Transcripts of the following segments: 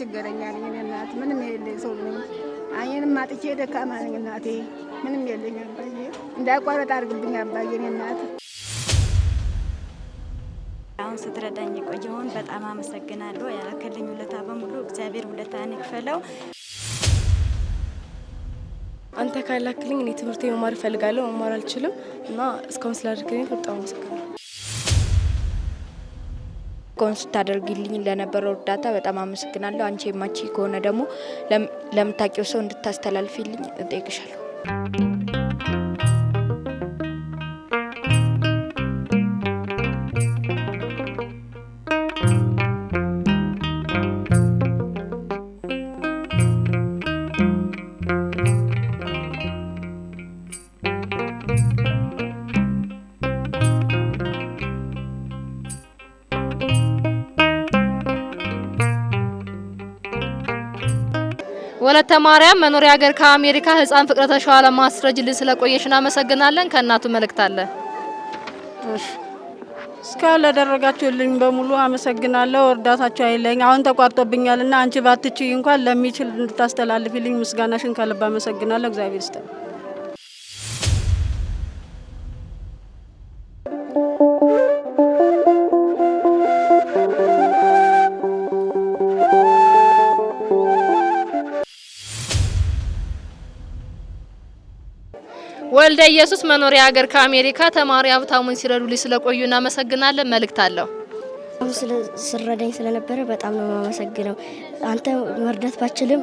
ችግረኛ ነኝ እኔ እናት ምንም የለኝ ሰው ነኝ። አይንም አጥቼ ደካማ ነኝ እናቴ ምንም የለኝ። አባዬ እንዳይቋረጥ አድርግብኝ አባዬ እናት። አሁን ስትረዳኝ የቆየውን በጣም አመሰግናለሁ። ያረከልኝ ውለታ በሙሉ እግዚአብሔር ውለታን ይክፈለው። አንተ ካላክልኝ እኔ ትምህርት መማር እፈልጋለሁ መማር አልችልም እና እስካሁን ስላደረክልኝ በጣም አመሰግናለሁ። እስካሁን ስታደርግልኝ ለነበረው እርዳታ በጣም አመሰግናለሁ። አንቺ የማቺ ከሆነ ደግሞ ለምታውቂው ሰው እንድታስተላልፊልኝ እጠይቅሻለሁ። ወለተ ማርያም መኖሪያ ሀገር ከአሜሪካ ህፃን ፍቅረ ሸዋ ለማስረጅልን ስለቆየሽ እናመሰግናለን። ከእናቱ መልእክት አለ። እሺ እስከ በሙሉ አመሰግናለሁ። እርዳታችሁ አይለኝ። አሁን ተቋርጦብኛልና አንቺ ባትችይ እንኳን ለሚችል እንድታስተላልፊልኝ ምስጋናሽን ከልብ አመሰግናለሁ። እግዚአብሔር ይስጥልኝ። ወልደ ኢየሱስ መኖሪያ ሀገር ከአሜሪካ ተማሪ ሀብታሙን ሲረዱልኝ ስለቆዩ እናመሰግናለን። መልእክት አለው። ስረዳኝ ስለነበረ በጣም ነው የማመሰግነው። አንተ መርዳት ባችልም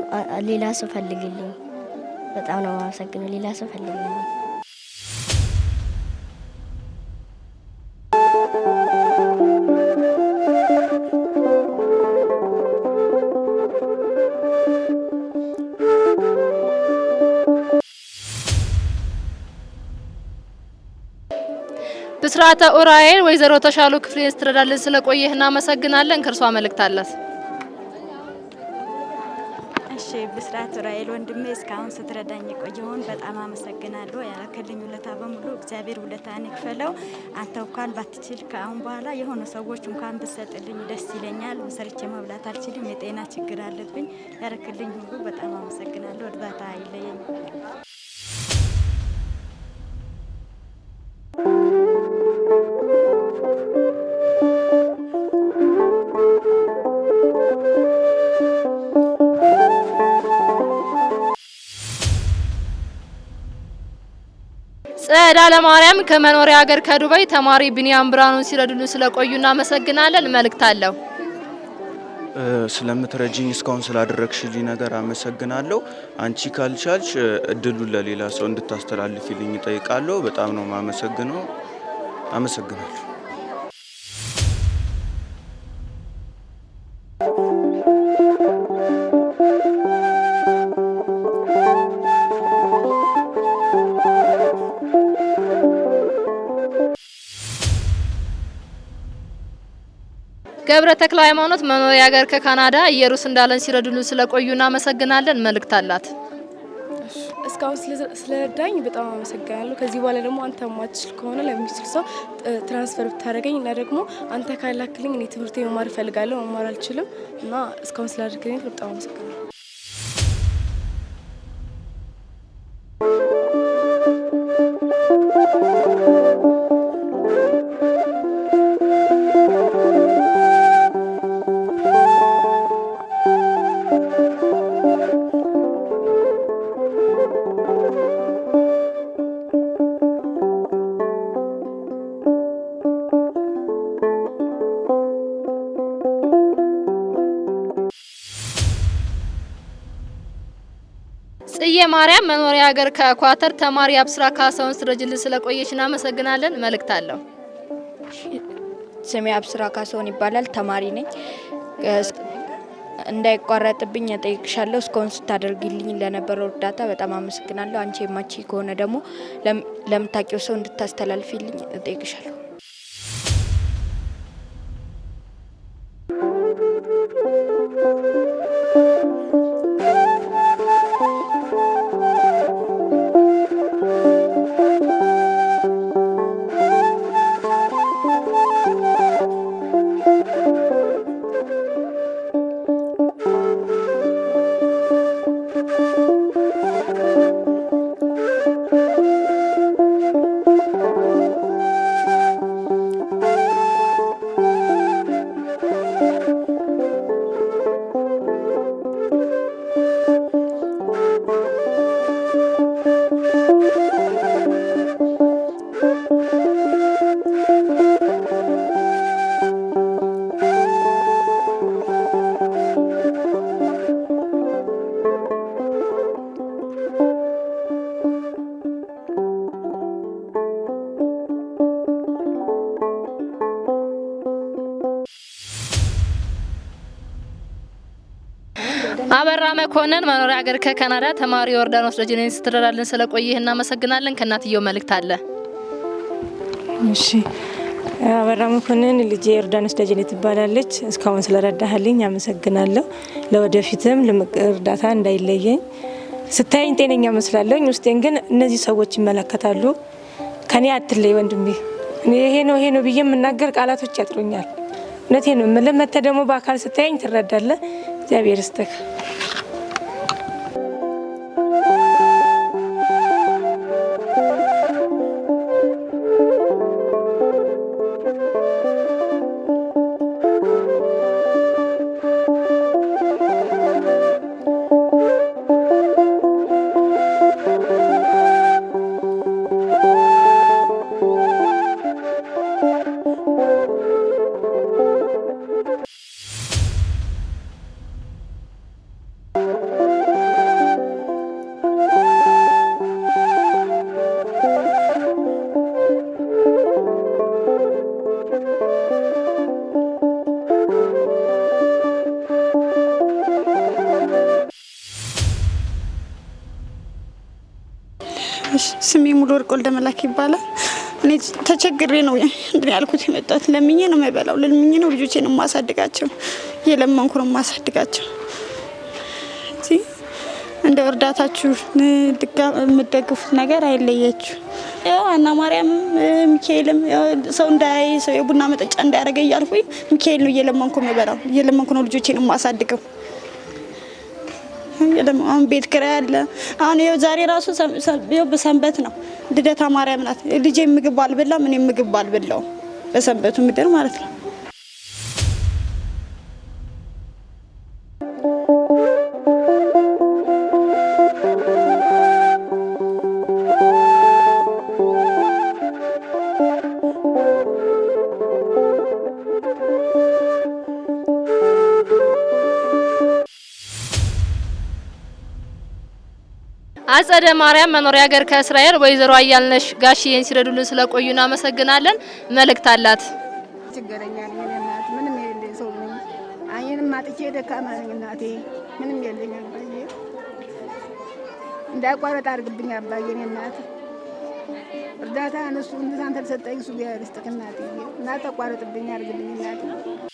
ሌላ ሰው ፈልግልኝ። በጣም ነው የማመሰግነው። ሌላ ሰው ፈልግልኝ። ብስራተ ኡራኤል ወይዘሮ ተሻሉ ክፍሌን ስትረዳልን ስለቆየህ እናመሰግናለን። ከእርሷ መልእክት አላት። እሺ ብስራት ኡራኤል ወንድሜ እስካሁን ስትረዳኝ የቆየውን በጣም አመሰግናለሁ። ያረክልኝ ውለታ በሙሉ እግዚአብሔር ውለታን ይክፈለው። አንተ እንኳን ባትችል ከአሁን በኋላ የሆነ ሰዎች እንኳን ብትሰጥልኝ ደስ ይለኛል። ሰርቼ መብላት አልችልም፣ የጤና ችግር አለብኝ። ያረክልኝ ሁሉ በጣም አመሰግናለሁ። እርዳታ አይለየኝ። ጸዳለ ማርያም ከመኖሪያ ሀገር ከዱባይ ተማሪ ቢኒያም ብርሃኑን ሲረዱን ስለቆዩ እናመሰግናለን። መልእክት አለው። ስለምትረጅኝ እስካሁን ስላደረግሽልኝ ነገር አመሰግናለሁ። አንቺ ካልቻልሽ እድሉን ለሌላ ሰው እንድታስተላልፊልኝ እጠይቃለሁ። በጣም ነው ማመሰግነው። አመሰግናለሁ። ደብረ ተክለ ሃይማኖት መኖሪያ ሀገር ከካናዳ ኢየሩስ እንዳለን ሲረዱልን ስለቆዩ እናመሰግናለን። መልእክት አላት። እስካሁን ስለረዳኝ በጣም አመሰግናለሁ። ከዚህ በኋላ ደግሞ አንተ ማትችል ከሆነ ለሚችል ሰው ትራንስፈር ብታደረገኝ እና ደግሞ አንተ ካላክልኝ እኔ ትምህርት መማር እፈልጋለሁ መማር አልችልም እና እስካሁን ስላደረግኝ በጣም አመሰግናለሁ። ማርያም መኖሪያ ሀገር ከኳተር ተማሪ አብስራ ካሳሁን ስረጅልን ስለቆየች እናመሰግናለን። መልእክት አለው። ስሜ አብስራ ካሳሁን ይባላል። ተማሪ ነኝ። እንዳይቋረጥብኝ እጠይቅሻለሁ። እስካሁን ስታደርግልኝ ለነበረው እርዳታ በጣም አመሰግናለሁ። አንቺ የማቺ ከሆነ ደግሞ ለምታውቂው ሰው እንድታስተላልፊልኝ እጠይቅሻለሁ። አበራ መኮንን መኖሪያ ሀገር ከካናዳ ተማሪ ዮርዳኖስ ደጀኔን ስትረዳልን ስለቆየህ እናመሰግናለን። ከእናትየው መልእክት አለ። እሺ አበራ መኮንን፣ ልጄ ዮርዳኖስ ደጀኔ ትባላለች። እስካሁን ስለረዳህልኝ አመሰግናለሁ። ለወደፊትም እርዳታ እንዳይለየኝ። ስታየኝ ጤነኛ መስላለኝ፣ ውስጤን ግን እነዚህ ሰዎች ይመለከታሉ። ከኔ አትለይ ወንድሜ። ይሄ ነው ይሄ ነው ብዬ የምናገር ቃላቶች ያጥሩኛል። እውነቴ ነው። ለመተ ደግሞ በአካል ስታየኝ ትረዳለህ እግዚአብሔር ይስጥህ። ስሜ ሙሉ ወርቅ ወልደ መላክ ይባላል። እኔ ተቸግሬ ነው እንትን ያልኩት የመጣሁት። ለምኜ ነው የምበላው፣ ለምኜ ነው ልጆቼን የማሳድጋቸው፣ እየለመንኩ ነው የማሳድጋቸው። እንደ እርዳታችሁ የምደግፉት ነገር አይለያችሁ። ያው አና ማርያም ሚካኤልም ሰው እንዳይ ሰው የቡና መጠጫ እንዳያደርገ እያልኩ ሚካኤል ነው እየለመንኩ የምበላው፣ እየለመንኩ ነው ልጆቼን የማሳድገው። የለም። አሁን ቤት ኪራይ አለ። አሁን ይኸው ዛሬ ራሱ በሰንበት ነው ልደታ ማርያም ናት። ልጄ ምግብ አልበላም፣ እኔም ምግብ አልበላውም። በሰንበቱ ምድር ማለት ነው አጸደ ማርያም መኖሪያ ሀገር ከእስራኤል ወይዘሮ አያልነሽ ጋሽዬን ሲረዱልን ስለቆዩ እናመሰግናለን። መልእክት አላት። ችግረኛል እናት ምንም የለኝ ሰው ነኝ። አይንም አጥቼ ደካማ ነኝ እናቴ ምንም የለኝ። አባዬ እንዳቋረጥ አድርግብኝ አባዬ እናት እርዳታ እንትን አንተ ተሰጠኝ እሱ እናቴ ተቋረጥብኝ እናቴ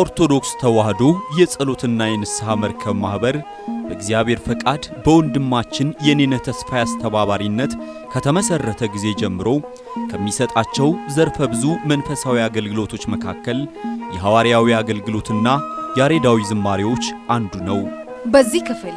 ኦርቶዶክስ ተዋህዶ የጸሎትና የንስሐ መርከብ ማኅበር በእግዚአብሔር ፈቃድ በወንድማችን የኔነ ተስፋዬ አስተባባሪነት ከተመሠረተ ጊዜ ጀምሮ ከሚሰጣቸው ዘርፈ ብዙ መንፈሳዊ አገልግሎቶች መካከል የሐዋርያዊ አገልግሎትና ያሬዳዊ ዝማሬዎች አንዱ ነው። በዚህ ክፍል